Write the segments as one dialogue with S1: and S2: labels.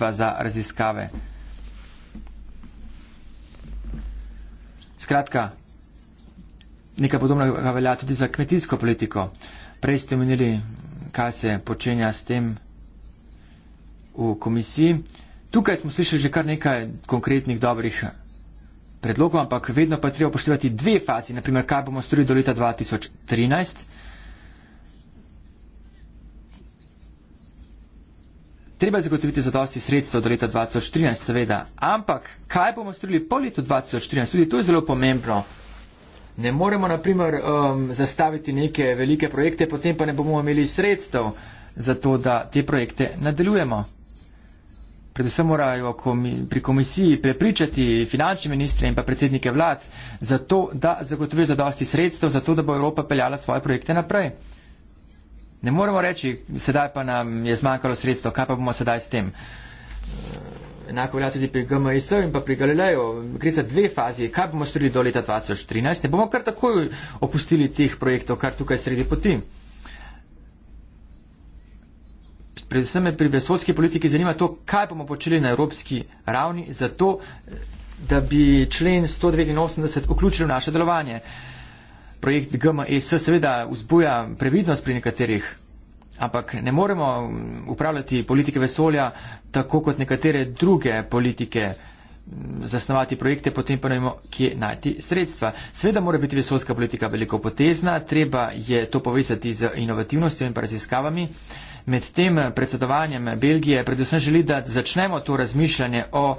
S1: društva za raziskave. Skratka, nekaj podobnega velja tudi za kmetijsko politiko. Prej ste menili, kaj se počenja s tem v komisiji. Tukaj smo slišali že kar nekaj konkretnih dobrih predlogov, ampak vedno pa treba upoštevati dve fazi, naprimer, kaj bomo storili do leta 2013. treba zagotoviti zadosti sredstev do leta 2014, seveda. Ampak kaj bomo storili po letu 2014? Tudi to je zelo pomembno. Ne moremo, na primer, um, zastaviti neke velike projekte, potem pa ne bomo imeli sredstev za to, da te projekte nadaljujemo. Predvsem morajo komi, pri komisiji prepričati finančne ministre in pa predsednike vlad za to, da zagotovijo zadosti sredstev, za to, da bo Evropa peljala svoje projekte naprej. Ne moremo reči, sedaj pa nam je zmanjkalo sredstvo, kaj pa bomo sedaj s tem. Enako velja tudi pri GMS in pa pri Galileju. Gre za dve fazi. Kaj bomo storili do leta 2013? Ne bomo kar takoj opustili teh projektov, kar tukaj sredi poti. Predvsem me pri vesolski politiki zanima to, kaj bomo počeli na evropski ravni, zato da bi člen 189 vključil v naše delovanje projekt GMS e seveda vzbuja previdnost pri nekaterih, ampak ne moremo mm, upravljati politike vesolja tako kot nekatere druge politike, mm, zasnovati projekte, potem pa ne vemo, kje najti sredstva. Seveda mora biti vesolska politika veliko potezna, treba je to povezati z inovativnostjo in raziskavami. Med tem eh, predsedovanjem Belgije predvsem želi, da začnemo to razmišljanje o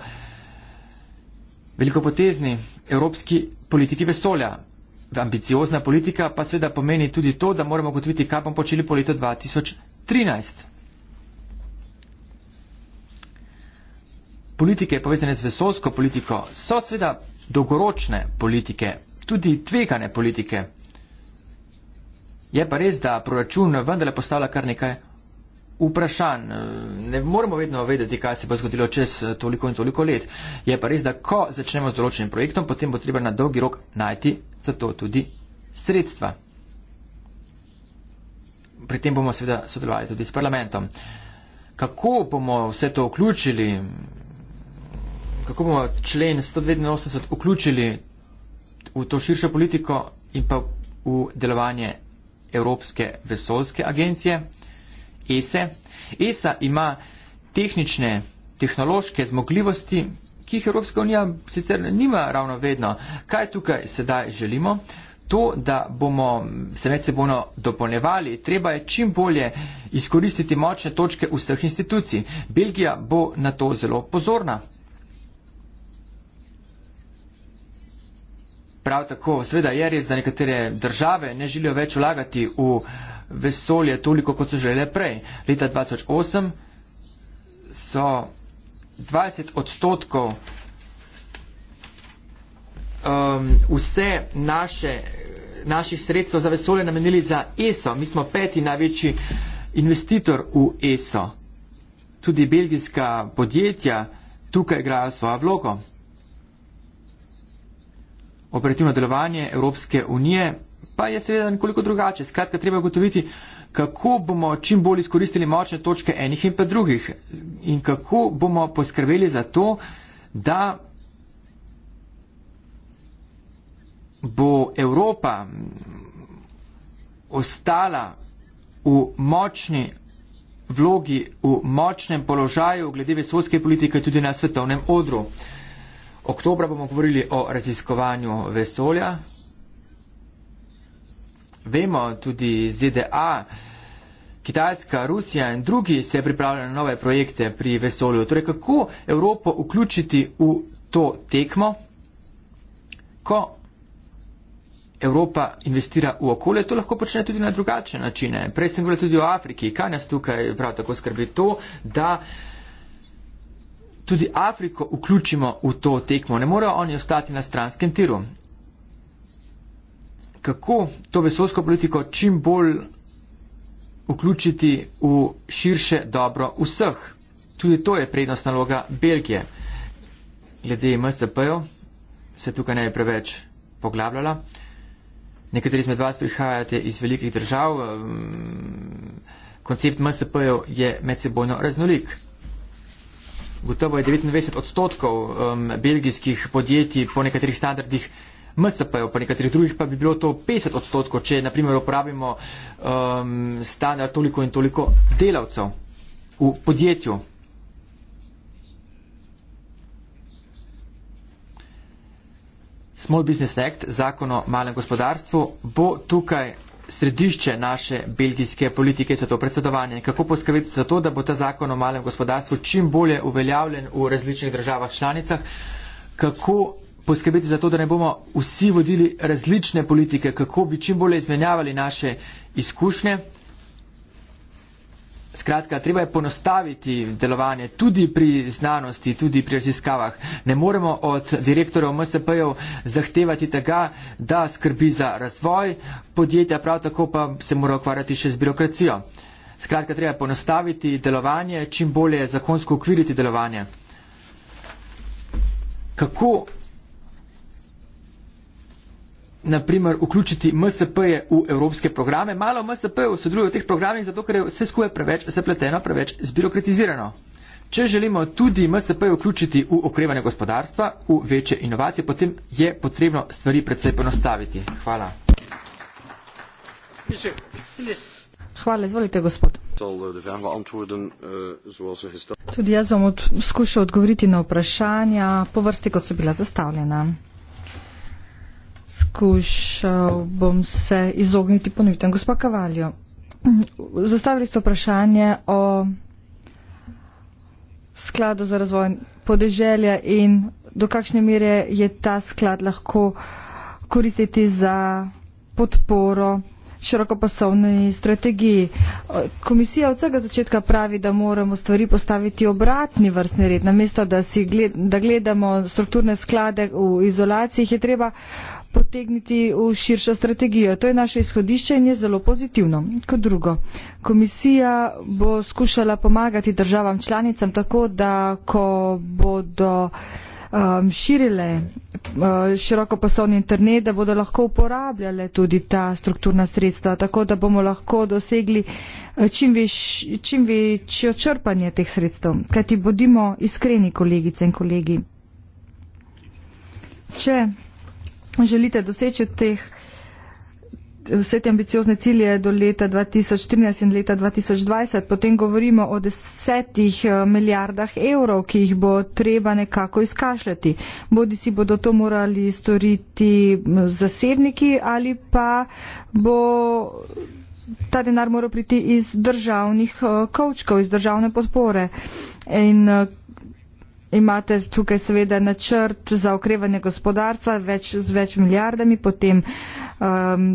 S1: velikopotezni evropski politiki vesolja ambiciozna politika pa seveda pomeni tudi to, da moramo gotoviti, kaj bomo počeli po letu 2013. Politike povezane z vesolsko politiko so seveda dolgoročne politike, tudi tvegane politike. Je pa res, da proračun vendarle postavlja kar nekaj vprašanj. Ne moramo vedno vedeti, kaj se bo zgodilo čez eh, toliko in toliko let. Je pa res, da ko začnemo z določenim projektom, potem bo treba na dolgi rok najti za to tudi sredstva. Pri tem bomo seveda sodelovali tudi s parlamentom. Kako bomo vse to vključili, kako bomo člen 189 vključili v to širšo politiko in pa v delovanje Evropske vesolske agencije, ESE. ESA e ima tehnične, tehnološke zmogljivosti, ki jih Evropska unija sicer nima ravno vedno. Kaj tukaj sedaj želimo? To, da bomo se med sebojno dopolnevali, treba je čim bolje izkoristiti močne točke vseh institucij. Belgija bo na to zelo pozorna. Prav tako, sveda je res, da nekatere države ne želijo več vlagati v vesolje toliko, kot so želele prej. Leta 2008 so. 20 odstotkov um, vse naše, naših sredstev za vesolje namenili za ESO. Mi smo peti največji investitor v ESO. Tudi belgijska podjetja tukaj igrajo svojo vlogo. Operativno delovanje Evropske unije pa je seveda nekoliko drugače. Skratka, treba je gotoviti, kako bomo čim bolj izkoristili močne točke enih in pa drugih in kako bomo poskrbeli za to, da bo Evropa ostala v močni vlogi, v močnem položaju glede vesolske politike tudi na svetovnem odru. Oktobra bomo govorili o raziskovanju vesolja. Vemo tudi ZDA, Kitajska, Rusija in drugi se pripravljajo na nove projekte pri vesolju. Torej, kako Evropo vključiti v to tekmo, ko Evropa investira v okolje, to lahko počne tudi na drugačne načine. Prej sem govorila tudi o Afriki, kaj nas tukaj prav tako skrbi to, da tudi Afriko vključimo v to tekmo. Ne morejo oni ostati na stranskem tiru kako to vesolsko politiko čim bolj vključiti v širše dobro vseh. Tudi to je prednost naloga Belgije. Glede MSP-jo se tukaj ne je preveč poglabljala. Nekateri izmed vas prihajate iz velikih držav. Mm, koncept MSP-jo je medsebojno raznolik. Gotovo je 99 odstotkov um, belgijskih podjetij po nekaterih standardih MSP-jev, pa nekaterih drugih pa bi bilo to 50 odstotkov, če naprimer uporabimo um, standard toliko in toliko delavcev v podjetju. Small Business Act, zakon o malem gospodarstvu, bo tukaj središče naše belgijske politike za to predsedovanje. Kako poskrbeti za to, da bo ta zakon o malem gospodarstvu čim bolje uveljavljen v različnih državah članicah? Kako poskrbeti za to, da ne bomo vsi vodili različne politike, kako bi čim bolje izmenjavali naše izkušnje. Skratka, treba je ponostaviti delovanje tudi pri znanosti, tudi pri raziskavah. Ne moremo od direktorov MSP-jev zahtevati tega, da skrbi za razvoj podjetja, prav tako pa se mora ukvarjati še z birokracijo. Skratka, treba je ponostaviti delovanje, čim bolje zakonsko ukviriti delovanje. Kako naprimer, vključiti MSP-je v evropske programe. Malo MSP-jev sodeluje v teh programih, zato ker je vse skupaj preveč zapleteno, preveč zbirokratizirano. Če želimo tudi MSP vključiti v okrevanje gospodarstva, v večje inovacije, potem je potrebno stvari predvsej ponostaviti. Hvala.
S2: Hvala, izvolite, gospod. Tudi jaz vam od, skušam odgovoriti na vprašanja po vrsti, kot so bila zastavljena. Skušal bom se izogniti ponovitem. Gospa Kavaljo, zastavili ste vprašanje o skladu za razvoj podeželja in do kakšne mere je ta sklad lahko koristiti za podporo širokopasovni strategiji. Komisija od vsega začetka pravi, da moramo stvari postaviti obratni vrstni red. Namesto, da, gled, da gledamo strukturne sklade v izolaciji, jih je treba uh, potegniti v širšo strategijo. To je naše izhodišče in je zelo pozitivno. Kot drugo, komisija bo skušala pomagati državam članicam tako, da ko bodo um, širile uh, široko poslovni internet, da bodo lahko uporabljale tudi ta strukturna sredstva, tako da bomo lahko dosegli uh, čim, več, čim večjo črpanje teh sredstev. Kajti bodimo iskreni, kolegice in kolegi. Če želite doseči teh, vse te ambiciozne cilje do leta 2013 in leta 2020, potem govorimo o desetih eh, milijardah evrov, ki jih bo treba nekako izkašljati. Bodi si bodo to morali storiti zasebniki ali pa bo. Ta denar mora priti iz državnih eh, kavčkov, iz državne podpore. In eh, imate tukaj seveda načrt za okrevanje gospodarstva več, z več milijardami, potem um,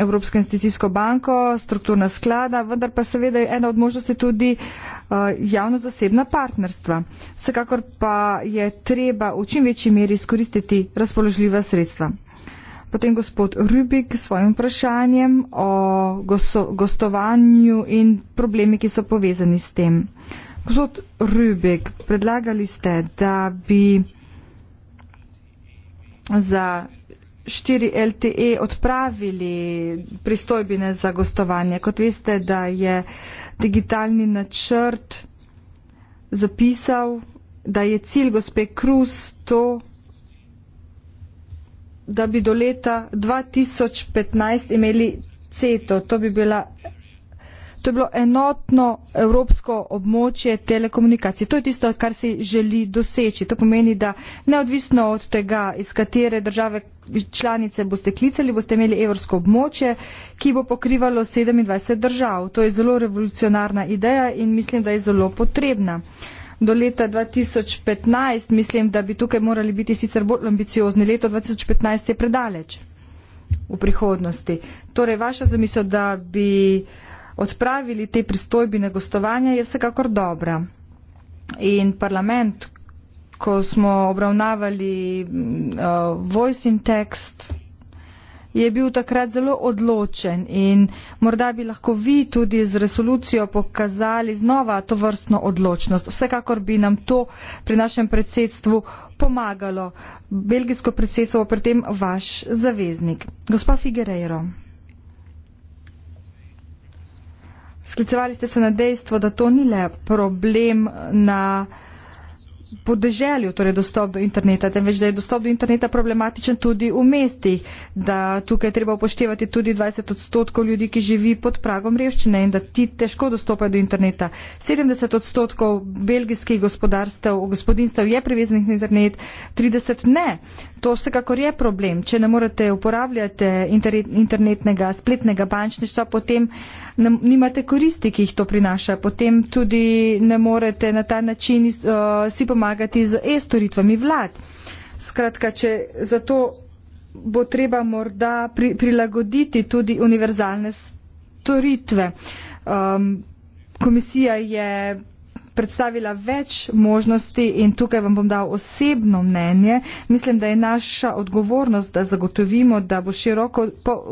S2: Evropsko investicijsko banko, strukturna sklada, vendar pa seveda je ena od možnosti tudi uh, javno-zasebna partnerstva. Vsekakor pa je treba v čim večji meri izkoristiti razpoložljiva sredstva. Potem gospod Rubik s svojim vprašanjem o gostovanju in problemi, ki so povezani s tem. Uh, Gospod Rübek, predlagali ste, da bi za 4 LTE odpravili pristojbine za gostovanje. Kot veste, da je digitalni načrt zapisal, da je cilj gospe Kruz to, da bi do leta 2015 imeli CETO. To bi bila to je bilo enotno evropsko območje telekomunikacij. To je tisto, kar se želi doseči. To pomeni, da neodvisno od tega, iz katere države članice boste klicali, boste imeli evropsko območje, ki bo pokrivalo 27 držav. To je zelo revolucionarna ideja in mislim, da je zelo potrebna. Do leta 2015 mislim, da bi tukaj morali biti sicer bolj ambiciozni. Leto 2015 je predaleč v prihodnosti. Torej, vaša zamisel, da bi uh, odpravili te pristojbine gostovanja, je vsekakor dobra. In parlament, ko smo obravnavali mm, uh, voice in tekst, je bil takrat zelo odločen in morda bi lahko vi tudi z resolucijo pokazali znova to vrstno odločnost. Vsekakor bi nam to pri našem predsedstvu pomagalo. Belgijsko predsedstvo pri tem vaš zaveznik. Gospa Figueiredo. Sklicevali ste se na dejstvo, da to ni le problem na podeželju, torej dostop do interneta, temveč da je dostop do interneta problematičen tudi v mestih, da tukaj treba upoštevati tudi 20 odstotkov ljudi, ki živi pod pragom revščine in da ti težko dostopajo do interneta. 70 odstotkov belgijskih gospodarstev, gospodinstv je priveznih na internet, 30 ne. To vsekakor je problem. Če ne morete uporabljati internetnega, spletnega bančništva, potem ne, nimate koristi, ki jih to prinaša. Potem tudi ne morete na ta način uh, si pomagati pomagati z e-storitvami vlad. Skratka, če zato bo treba morda pri, prilagoditi tudi univerzalne storitve. Um, komisija je predstavila več možnosti in tukaj vam bom dal osebno mnenje. Mislim, da je naša odgovornost, da zagotovimo, da bo široko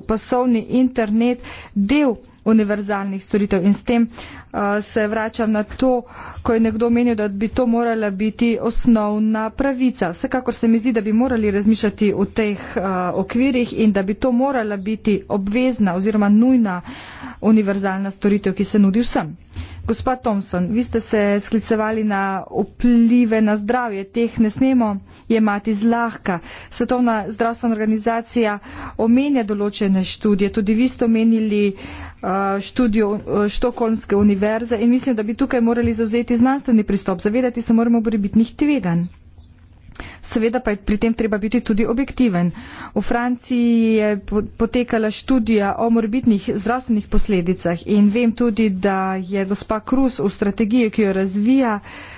S2: pasovni internet del univerzalnih storitev. In s tem uh, se vračam na to, ko je nekdo menil, da bi to morala biti osnovna pravica. Vsekakor se mi zdi, da bi morali razmišljati v teh uh, okvirih in da bi to morala biti obvezna oziroma nujna univerzalna storitev, ki se nudi vsem. Gospa Thompson, vi ste se sklicevali na vplive na zdravje, teh ne smemo jemati zlahka. Svetovna zdravstvena organizacija omenja določene študije, tudi vi ste omenili uh, Eh, študiju eh, Štokholmske univerze in mislim, da bi tukaj morali zauzeti znanstveni pristop. Zavedati se moramo boribitnih tvegan. Seveda pa je pri tem treba biti tudi objektiven. V Franciji je potekala študija o morbitnih zdravstvenih posledicah in vem tudi, da je gospa Kruz v strategiji, ki jo razvija, uh,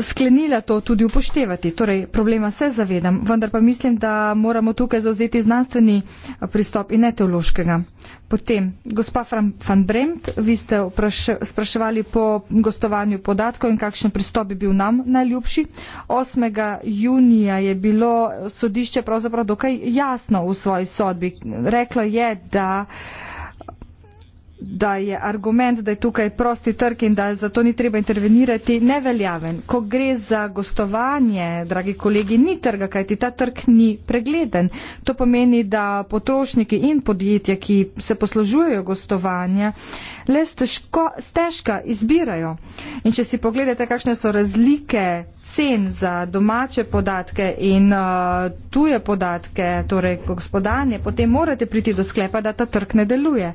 S2: sklenila to tudi upoštevati. Torej, problema se zavedam, vendar pa mislim, da moramo tukaj zauzeti znanstveni eh, pristop in ne teološkega. Potem, gospa Van Bremt, vi ste spraševali po gostovanju podatkov in kakšen pristop bi bil nam najljubši. 8. junija je bilo sodišče pravzaprav dokaj jasno v svoji sodbi. Reklo je, da da je argument, da je tukaj prosti trg in da zato ni treba intervenirati, neveljaven. Ko gre za gostovanje, dragi kolegi, ni trga, kajti ta trg ni pregleden. To pomeni, da potrošniki in podjetja, ki se poslužujejo gostovanja, le stežko, stežka izbirajo. In če si pogledate, kakšne so razlike cen za domače podatke in uh, tuje podatke, torej gospodanje, potem morate priti do sklepa, da ta trg ne deluje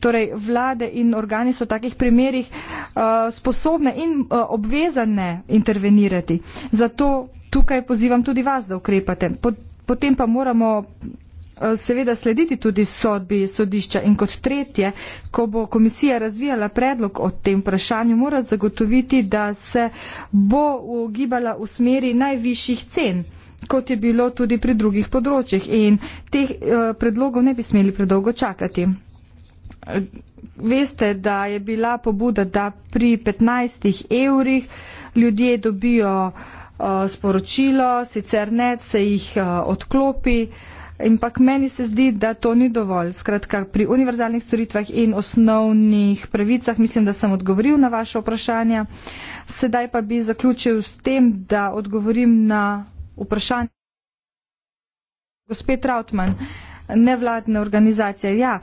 S2: torej vlade in organi so v takih primerjih uh, eh, sposobne in uh, obvezane intervenirati. Zato tukaj pozivam tudi vas, da ukrepate. Pot, potem pa moramo eh, seveda slediti tudi sodbi sodišča in kot tretje, ko bo komisija razvijala predlog o tem vprašanju, mora zagotoviti, da se bo ugibala v smeri najvišjih cen, kot je bilo tudi pri drugih področjih in teh predlogov ne bi smeli predolgo čakati. Veste, da je bila pobuda, da pri 15 evrih ljudje dobijo uh, sporočilo, sicer ne, se jih uh, odklopi. Ampak meni se zdi, da to ni dovolj. Skratka, pri univerzalnih storitvah in osnovnih pravicah mislim, da sem odgovoril na vaše vprašanja. Sedaj pa bi zaključil s tem, da odgovorim na vprašanje. Gospod Trautmann, uh, nevladne organizacije. Ja,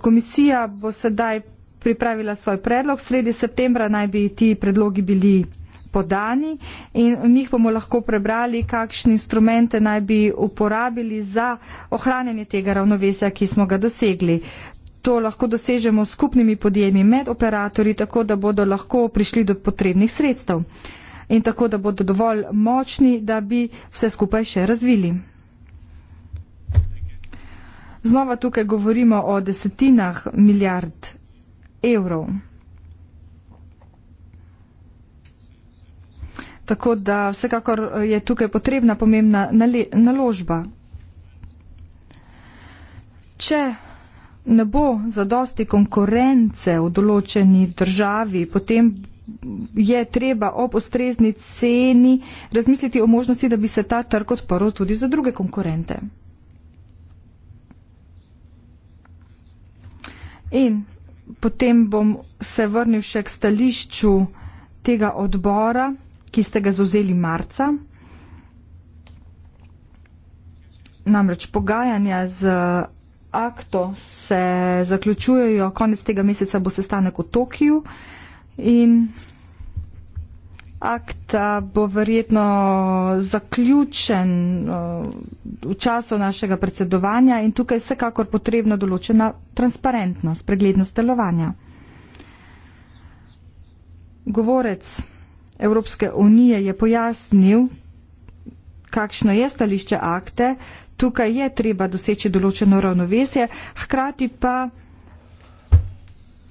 S2: komisija bo sedaj pripravila svoj predlog, sredi septembra naj bi ti predlogi bili podani in v njih bomo lahko prebrali, kakšne instrumente naj bi uporabili za ohranjanje tega ravnovesja, ki smo ga dosegli. To lahko dosežemo s skupnimi podjemi med operatorji, tako da bodo lahko prišli do potrebnih sredstev in tako da bodo dovolj močni, da bi vse skupaj še razvili. Znova tukaj govorimo o desetinah milijard evrov. Tako da vsekakor je tukaj potrebna pomembna naložba. Če ne bo zadosti konkurence v določeni državi, potem je treba ob ustrezni ceni razmisliti o možnosti, da bi se ta trg odprl tudi za druge konkurente. In potem bom se vrnil še k stališču tega odbora, ki ste ga zozeli marca. Namreč pogajanja z akto se zaključujejo, konec tega meseca bo sestanek v Tokiju in akta bo verjetno zaključen eh, v času našega predsedovanja in tukaj je vsekakor potrebna določena transparentnost, preglednost delovanja. Govorec Evropske unije je pojasnil, kakšno je stališče akte, tukaj je treba doseči določeno ravnovesje, hkrati pa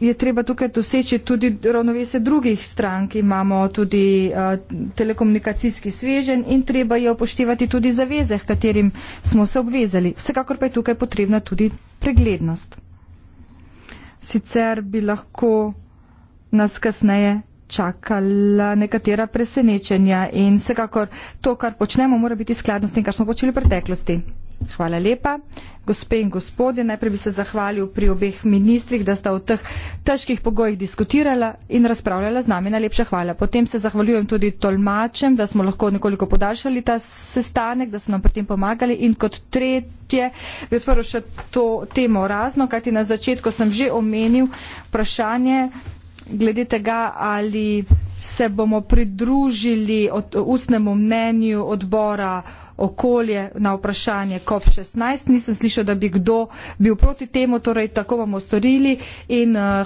S2: je treba tukaj doseči tudi ravnovesje drugih strank. Imamo tudi uh, telekomunikacijski svežen in treba je upoštevati tudi zaveze, katerim smo se obvezali. Vsekakor pa je tukaj potrebna tudi preglednost. Sicer bi lahko nas kasneje čakala nekatera presenečenja in vsekakor to, kar počnemo, mora biti skladno s tem, kar smo počeli v preteklosti. Hvala lepa. Gospe in gospodje, najprej bi se zahvalil pri obeh ministrih, da sta v teh težkih pogojih diskutirala in razpravljala z nami. Najlepša hvala. Potem se zahvaljujem tudi tolmačem, da smo lahko nekoliko podaljšali ta sestanek, da so nam pri tem pomagali. In kot tretje bi odprl še to temo razno, kajti na začetku sem že omenil vprašanje glede tega, ali se bomo pridružili ustnemu mnenju odbora okolje na vprašanje COP16. Nisem slišal, da bi kdo bil proti temu, torej tako bomo storili. In, uh,